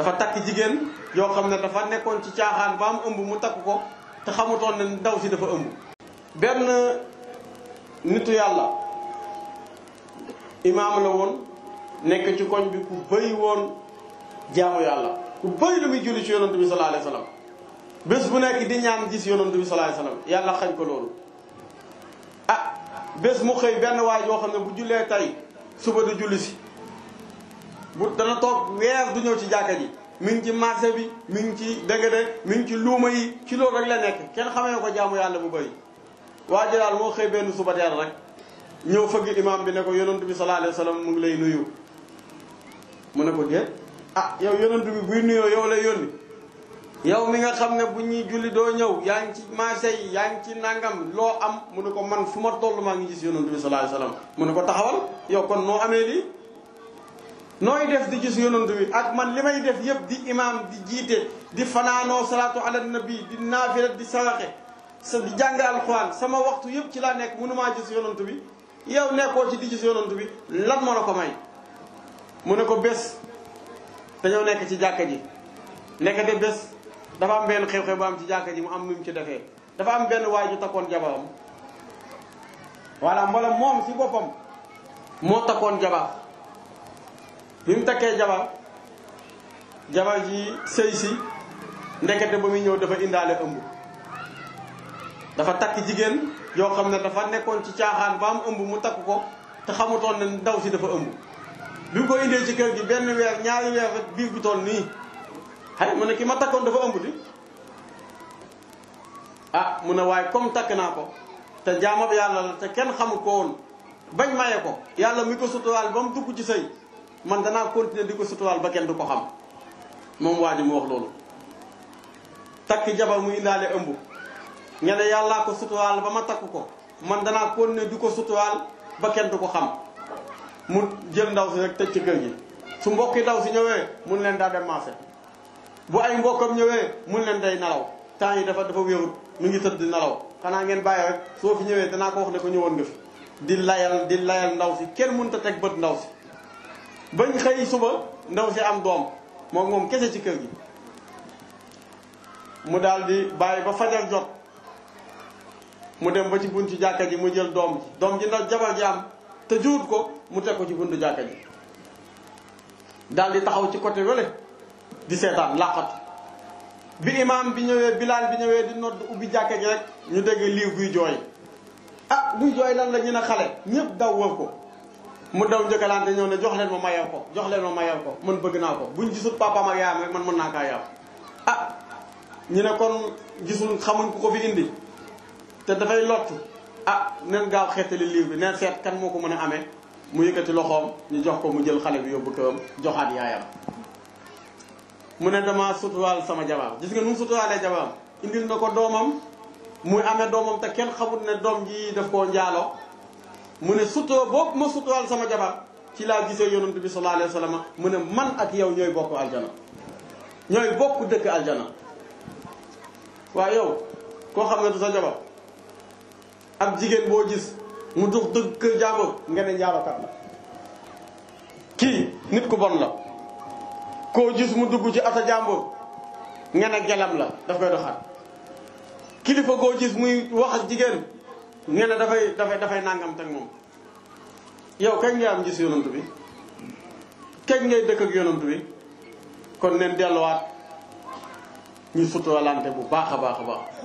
dafa takk jigéen yoo xam ne dafa nekkoon ci caaxaan ba ëmb mu takk ko te xamutoon ne ndaw si dafa ëmb benn nitu yàlla imaam la woon nekk ci koñ bi ku bëri woon jaamu yàlla ku bëri lu muy julli ci yonantu bi sallallahu alayhi wasallam bés bu nekk di ñaan gis yonantu bi sallallahu alayhi wasallam yàlla xañ ko loolu ah bés mu xëy benn waay yoo xam ne bu jullee tey suba du julli si bu dana toog weer du ñëw ci jàkka ji mi ngi ci marché bi mi ngi ci dëgg-dëgg mi ngi ci luuma yi ci loolu rek la nekk kenn xamee ko jaamu yàlla bu bëri waa ji daal moo xëy benn suba teel rek ñëw fëgg imaam bi ne ko yonent bi sallallahu alayhi wa mu ngi lay nuyu mu ne ko déet ah yow yonent bi buy nuyoo yow lay yónni yow mi nga xam ne bu ñuy julli doo ñëw yaa ngi ci marché yi yaa ngi ci nangam loo am mu ne ko man fu ma toll maa ngi gis yonent bi sallallahu alayhi mu ne ko taxawal yow kon noo amee nooy def di gis yonent bi ak man li may def yëpp di imaam di jiite di fanaanoo salaatu ala nabi di naafila di saraxe sa di jàng alxuraan sama waxtu yëpp ci laa nekk mënumaa gis yonent bi yow nekkoo ci di gis yonent bi lan moo la ko may mu ne ko bés dañoo nekk ci jàkka ji nekkate bés dafa am benn xew-xew bu am ci jàkka ji mu am nu ci defee dafa am benn waay ju takkoon jabaram voilà mbala moom si boppam moo takkoon jabar bi mu takkee jabar jabar ji sëy si ndekete ba muy ñëw dafa indaale ëmb dafa takk jigéen yoo xam ne dafa nekkoon ci caaxaan ba am ëmb mu takk ko te xamutoon ne ndaw si dafa ëmb bi ko indee ci kër gi benn weer ñaari weer rek biir bi toll nii xëy mu ne ki ma takkoon dafa ëmb di ah mu ne waaye comme takk naa ko te jaamab yàlla la te kenn xamu ko woon bañ maye ko yàlla mi ko suturaal ba mu dugg ci sëy man danaa continuer di ko suturaal ba kenn ko xam moom waa ji loolu takk jabar muy indaale ëmb nga ne yàllaa ko suturaal ba ma takk ko man danaa continuer di ko suturaal ba kenn du ko xam mu jël ndaw si rek tëj ci kër gi su mbokki ndaw si ñëwee mun leen daa dem marché bu ay mbokkam ñëwee mun leen day nelaw temps yi dafa dafa wérut mu ngi tëdd di nelaw xanaa ngeen bàyyi rek soo fi ñëwee danaa ko wax ne ko ñëwoon nga fi di layal di layal ndaw si kenn mënut a teg bët ndaw si bañ xëy suba ndaw si am doom moom moom kese ci kër gi mu daldi bàyyi ba fajar jot mu dem ba ci bun ci jàkka ji mu jël doom ji doom ji ndaw jabar ji am te juut ko mu teg ko ci buntu jàkka ji daal taxaw ci côté wele di seetaan làqatu bi imaam bi ñëwee bilaal bi ñëwee di nodd ubbi jàkka ji rek ñu dégg liiw buy jooy ah buy jooy lan la ñu ne xale ñëpp daw wër ko mu daw njëkkalante ñëw ne jox leen ma mayew ko jox leen ma mayew ko man bëgg naa ko buñ gisul papaam ak yaayam rek man mën naa kaa yaam ah ñu ne kon gisul xamuñ ku ko fi indi te dafay lottu ah neen gaaw xeetali liir bi neen seet kan moo ko mën a amee mu yëkkati loxoom ñu jox ko mu jël xale bi yóbbu këram joxaat yaayam mu ne dama suturaal sama jabaam gis nga nu mu suturaalee jabaam indil na ko doomam muy amee doomam te kenn xamut ne doom ji daf koo njaaloo mu ne sutoo boobu ma sutural sama jabar ci laa gisee yonent bi sallallahu alayhi wa mu ne man ak yow ñooy bokk aljana ñooy bokk dëkk aljana waaye yow koo xam ne du sa jabar ab jigéen boo gis mu dëgg kër jàmbur nga ne njaalokat kii nit ku bon la koo gis dugg ci ata jàmbur nga ne gelam la daf doxaat kilifa goo gis muy wax jigéen nee na dafay dafay dafay nangam teg moom yow kañ ngay am gis yonant bi kañ ngay dëkk ak yonant bi kon neen delluwaat ñu suturalante bu baax a baax a baax